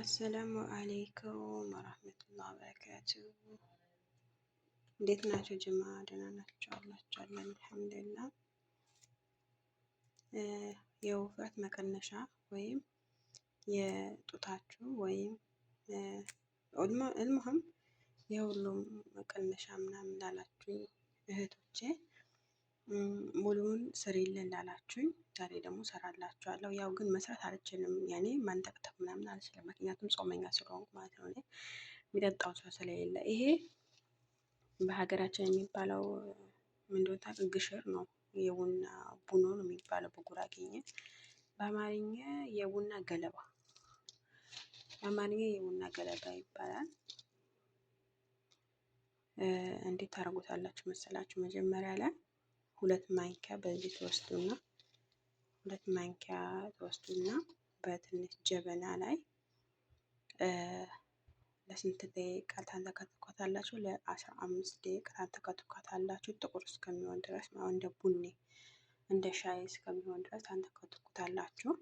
አሰላሙ አሌይኩም ወራህመቱላህ በረካቱ። እንዴት ናቸው ጅማ? ደህና ናቸው አላቸዋለን። አልሐምዱላ የውፍረት መቀነሻ ወይም የጡታችሁ ወይም እልሙህም የሁሉም መቀነሻ ምናምን ላላችሁ እህቶቼ ሙሉውን ስሪልን እንዳላችሁኝ ዛሬ ደግሞ ሰራላችኋለሁ። ያው ግን መስራት አልችልም፣ ያኔ ማንጠቅጠቅ ምናምን አልችልም። ምክንያቱም ጾመኛ ስለሆንኩ ማለት ነው። የሚጠጣው ሰው ስለሌለ ይሄ በሀገራችን የሚባለው ምንድታ ግሽር ነው። የቡና ቡኖ ነው የሚባለው በጉራጌኛ። በአማርኛ የቡና ገለባ፣ በአማርኛ የቡና ገለባ ይባላል። እንዴት ታደርጉታላችሁ መሰላችሁ መጀመሪያ ላይ ሁለት ማንኪያ በዚህ ትወስዱና ሁለት ማንኪያ ትወስዱና በትንሽ ጀበና ላይ ለስንት ደቂቃ ታንተከትኳታላችሁ? ለአስራ አምስት ደቂቃ ታንተከትኳታላችሁ። ጥቁር እስከሚሆን ድረስ ነው። እንደ ቡኒ እንደ ሻይ እስከሚሆን ድረስ ታንተከትኩታላችሁ።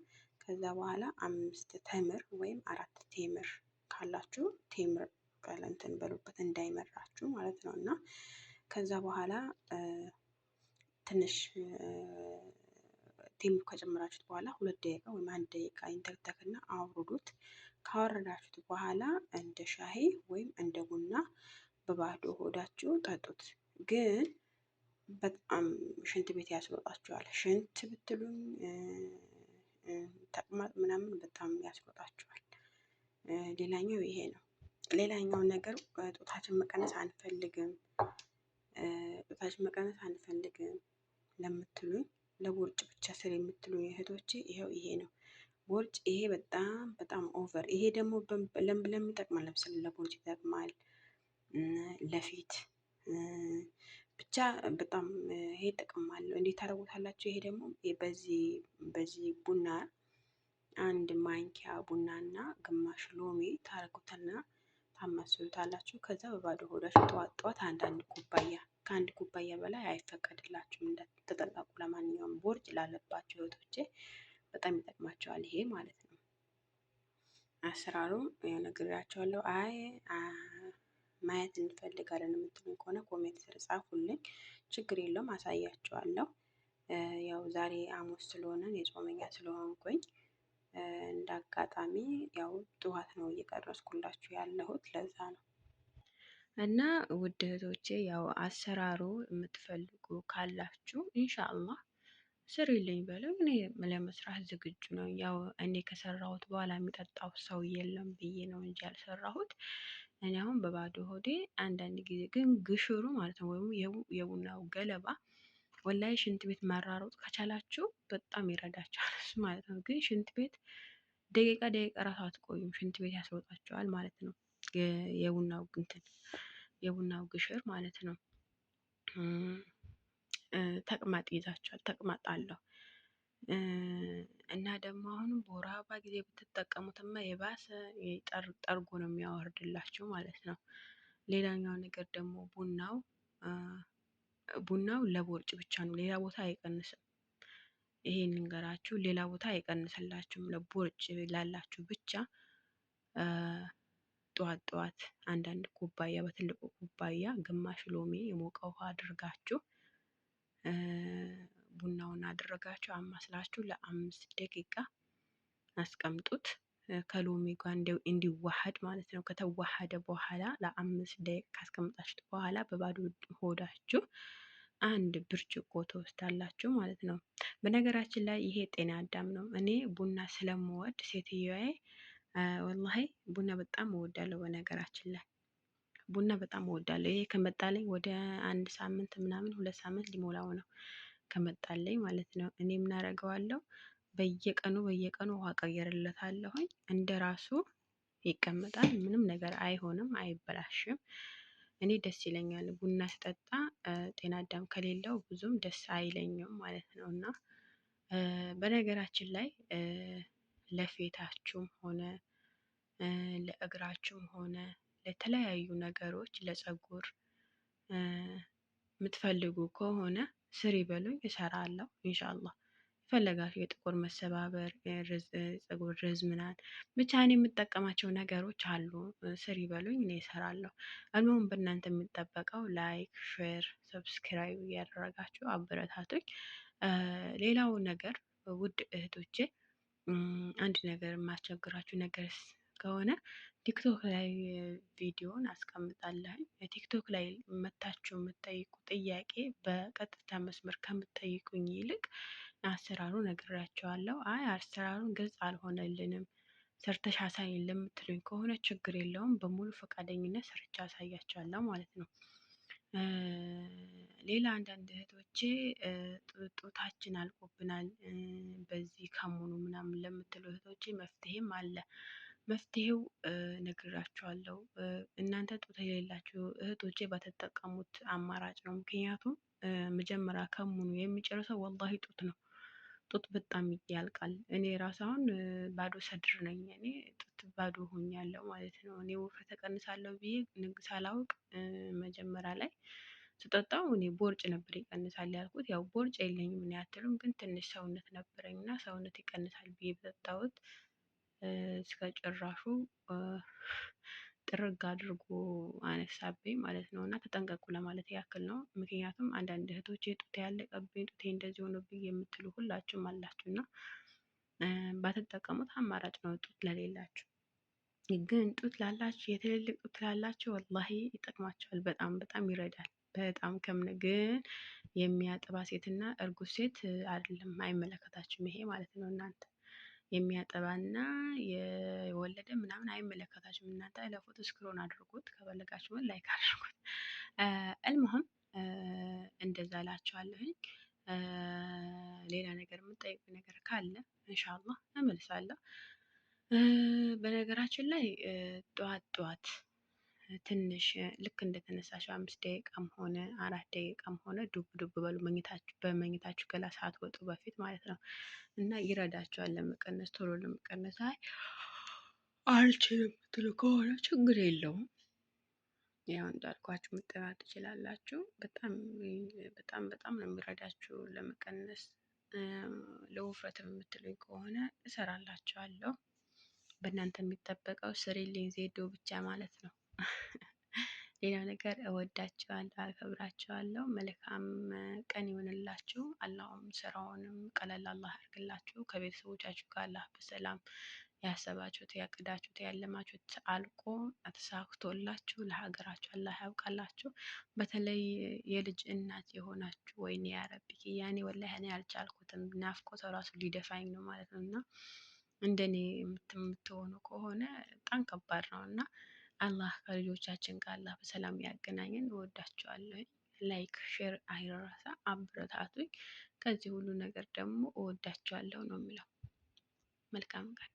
ከዛ በኋላ አምስት ተምር ወይም አራት ቴምር ካላችሁ ቴምር ቀለንትን በሉበት እንዳይመራችሁ ማለት ነው እና ከዛ በኋላ ትንሽ ቲም ከጨመራችሁት በኋላ ሁለት ደቂቃ ወይም አንድ ደቂቃ ይንተክተክና አውርዱት። ካወረዳችሁት በኋላ እንደ ሻሂ ወይም እንደ ቡና በባዶ ሆዳችሁ ጠጡት። ግን በጣም ሽንት ቤት ያስሮጣችኋል። ሽንት ብትሉኝ ተቅማጥ ምናምን በጣም ያስሮጣችኋል። ሌላኛው ይሄ ነው። ሌላኛው ነገር ጡታችን መቀነስ አንፈልግም። ጡታችን መቀነስ አንፈልግም። ለምትሉኝ ለቦርጭ ብቻ ስር የምትሉኝ እህቶቼ ይኸው ይሄ ነው ቦርጭ። ይሄ በጣም በጣም ኦቨር። ይሄ ደግሞ ለሚጠቅማል፣ ለምሳሌ ለቦርጭ ይጠቅማል፣ ለፊት ብቻ በጣም ይሄ አለው እንዴት ታደርጉታላችሁ? ይሄ ደግሞ በዚህ በዚህ ቡና አንድ ማንኪያ ቡና እና ግማሽ ሎሚ ታረጉትና ታማስሉታላችሁ። ከዛ በባዶ ሆዳችሁ ጠዋት ጠዋት አንዳንድ ኩባያ ከአንድ ኩባያ በላይ አይፈቀድላችሁም እንደተጠንቀቁ። ለማንኛውም ቦርጭ ላለባቸው እህቶቼ በጣም ይጠቅማቸዋል ይሄ ማለት ነው። አሰራሩ ነግሬያቸዋለሁ። አይ ማየት እንፈልጋለን የምትሉኝ ከሆነ ኮሜንት ስር ጻፉልኝ፣ ችግር የለውም አሳያቸዋለሁ። ያው ዛሬ አሞስ ስለሆነ የጾመኛ ስለሆንኩኝ እንደ አጋጣሚ ያው ጥዋት ነው እየቀረስኩላችሁ ያለሁት ለዛ ነው። እና ውድ እህቶቼ ያው አሰራሩ የምትፈልጉ ካላችሁ ኢንሻአላህ ስሪልኝ በለው እኔ ለመስራት ዝግጁ ነው። ያው እኔ ከሰራሁት በኋላ የሚጠጣው ሰው የለም ብዬ ነው እንጂ ያልሰራሁት። እኔ አሁን በባዶ ሆዴ አንዳንድ ጊዜ ግን ግሽሩ ማለት ነው ወይም የቡናው ገለባ ወላይ ሽንት ቤት መራሮጥ ከቻላችሁ በጣም ይረዳችኋል እሱ ማለት ነው። ግን ሽንት ቤት ደቂቃ ደቂቃ ራሱ አትቆዩም ሽንት ቤት ያስሮጣችኋል ማለት ነው። የቡናው እንትን የቡናው ግሽር ማለት ነው። ተቅማጥ ይዛቸዋል። ተቅማጥ አለው እና ደግሞ አሁንም በወር አበባ ጊዜ ብትጠቀሙትማ የባሰ ጠርጎ ነው የሚያወርድላችሁ ማለት ነው። ሌላኛው ነገር ደግሞ ቡናው ቡናው ለቦርጭ ብቻ ነው፣ ሌላ ቦታ አይቀንስም። ይሄን ልንገራችሁ፣ ሌላ ቦታ አይቀንስላችሁም። ለቦርጭ ላላችሁ ብቻ ጠዋት ጠዋት አንዳንድ ኩባያ በትልቁ ኩባያ ግማሽ ሎሚ የሞቀ ውሃ አድርጋችሁ ቡናውን አድርጋችሁ አማስላችሁ ለአምስት ደቂቃ አስቀምጡት። ከሎሚ ጋር እንዲዋሃድ ማለት ነው። ከተዋሃደ በኋላ ለአምስት ደቂቃ ካስቀምጣችሁት በኋላ በባዶ ሆዳችሁ አንድ ብርጭቆ ትወስዳላችሁ ማለት ነው። በነገራችን ላይ ይሄ ጤና አዳም ነው። እኔ ቡና ስለምወድ ሴትዮዬ ወላሂ ቡና በጣም እወዳለሁ። በነገራችን ላይ ቡና በጣም እወዳለሁ። ይሄ ከመጣልኝ ወደ አንድ ሳምንት ምናምን ሁለት ሳምንት ሊሞላው ነው። ከመጣልኝ ማለት ነው እኔ ምን አደርገዋለሁ በየቀኑ በየቀኑ ውሃ እንደ እንደራሱ ይቀመጣል ምንም ነገር አይሆንም አይበላሽም። እኔ ደስ ይለኛል ቡና ስጠጣ ጤና አዳም ከሌለው ብዙም ደስ አይለኝም ማለት ነው። እና በነገራችን ላይ ለፊታችሁም ሆነ ለእግራችሁም ሆነ ለተለያዩ ነገሮች ለጸጉር የምትፈልጉ ከሆነ ስሪ በሉኝ እሰራለሁ። ኢንሻአላህ የፈለጋችሁ የጥቁር መሰባበር ጸጉር ርዝምናን ብቻ እኔ የምጠቀማቸው ነገሮች አሉ። ስሪ በሉኝ እኔ እሰራለሁ። አልሞም በእናንተ የሚጠበቀው ላይክ፣ ሼር፣ ሰብስክራይብ እያደረጋችሁ አበረታቱኝ። ሌላው ነገር ውድ እህቶቼ አንድ ነገር የማስቸግራችሁ ነገር ከሆነ ቲክቶክ ላይ ቪዲዮን አስቀምጣለሁኝ። ቲክቶክ ላይ መታችሁ የምትጠይቁ ጥያቄ በቀጥታ መስመር ከምትጠይቁኝ ይልቅ አሰራሩ ነግራችኋለሁ። አይ አሰራሩን ግልጽ አልሆነልንም ሰርተሽ አሳይን ለምትሉኝ ከሆነ ችግር የለውም። በሙሉ ፈቃደኝነት ሰርቻ አሳያቸዋለሁ ማለት ነው። ሌላ አንዳንድ እህቶቼ ጡታችን አልቆብናል በዚህ ከሙኑ ምናምን ለምትሉ እህቶቼ መፍትሄም አለ። መፍትሄው ነግራችኋለሁ። እናንተ ጡት የሌላችሁ እህቶቼ በተጠቀሙት አማራጭ ነው። ምክንያቱም መጀመሪያ ከሙኑ የሚጨርሰው ወላሂ ጡት ነው ጡት በጣም ያልቃል። እኔ ራሴ አሁን ባዶ ሰድር ነኝ። እኔ ጡት ባዶ ሆኛለሁ ማለት ነው። እኔ ወፍረት እቀንሳለሁ ብዬ ሳላውቅ መጀመሪያ ላይ ስጠጣው እኔ ቦርጭ ነበር ይቀንሳል ያልኩት። ያው ቦርጭ የለኝም እኔ አትልም ግን ትንሽ ሰውነት ነበረኝ እና ሰውነት ይቀንሳል ብዬ በጠጣሁት እስከ ጭራሹ ጥርግ አድርጎ አነሳብኝ ማለት ነው። እና ተጠንቀቁ ለማለት ያክል ነው። ምክንያቱም አንዳንድ እህቶች ጡቴ ያለቀብኝ ጡቴ እንደዚህ ሆኖብኝ የምትሉ ሁላችሁም አላችሁ እና ባትጠቀሙት አማራጭ ነው ጡት ለሌላችሁ። ግን ጡት ላላችሁ የትልልቅ ጡት ላላችሁ ወላሂ ይጠቅማቸዋል። በጣም በጣም ይረዳል። በጣም ከምነ ግን የሚያጠባ ሴትና እርጉዝ ሴት አይደለም አይመለከታችሁም ይሄ ማለት ነው እናንተ የሚያጠባና የወለደ ምናምን አይመለከታችሁም። እናንተ ለፎቶ ስክሮን አድርጉት፣ ከፈለጋችሁን ላይክ አድርጉት። እልመሆም እንደዛ ላችኋለሁኝ። ሌላ ነገር የምጠይቁ ነገር ካለ እንሻላ እመልሳለሁ። በነገራችን ላይ ጠዋት ጠዋት ትንሽ ልክ እንደተነሳሽው አምስት ደቂቃም ሆነ አራት ደቂቃም ሆነ ዱብ ዱብ በሉ በመኝታችሁ ገላ ሳትወጡ በፊት ማለት ነው። እና ይረዳችኋል ለመቀነስ ቶሎ ለመቀነስ። አይ አልችልም ምትሉ ከሆነ ችግር የለውም። ያው እንዳልኳችሁ መጠናት ትችላላችሁ። በጣም በጣም በጣም ነው የሚረዳችሁ ለመቀነስ። ለውፍረት የምትሉኝ ከሆነ እሰራላችኋለሁ። በእናንተ የሚጠበቀው ስሪልኝ ዜዶ ብቻ ማለት ነው። ሌላው ነገር እወዳቸዋለሁ፣ አከብራቸዋለሁ። መልካም ቀን ይሆንላችሁ። አላሁም ስራውንም ቀለል አላህ ያርግላችሁ። ከቤተሰቦቻችሁ ጋር አላህ በሰላም ያሰባችሁት፣ ያቅዳችሁት፣ ያለማችሁት አልቆ ተሳክቶላችሁ ለሀገራችሁ አላህ ያብቃላችሁ። በተለይ የልጅ እናት የሆናችሁ ወይኔ ያረቢ ያኔ ወላሂ እኔ አልቻልኩትም፣ ናፍቆት ራሱ ሊደፋኝ ነው ማለት ነው እና እንደኔ የምትሆኑ ከሆነ በጣም ከባድ ነው እና አላህ ከልጆቻችን ጋር አላህ በሰላም ያገናኘን። እወዳቸዋለሁ። ላይክ ሼር አይረሳ። አበረታቱኝ። ከዚህ ሁሉ ነገር ደግሞ እወዳቸዋለሁ ነው የሚለው። መልካም ቀን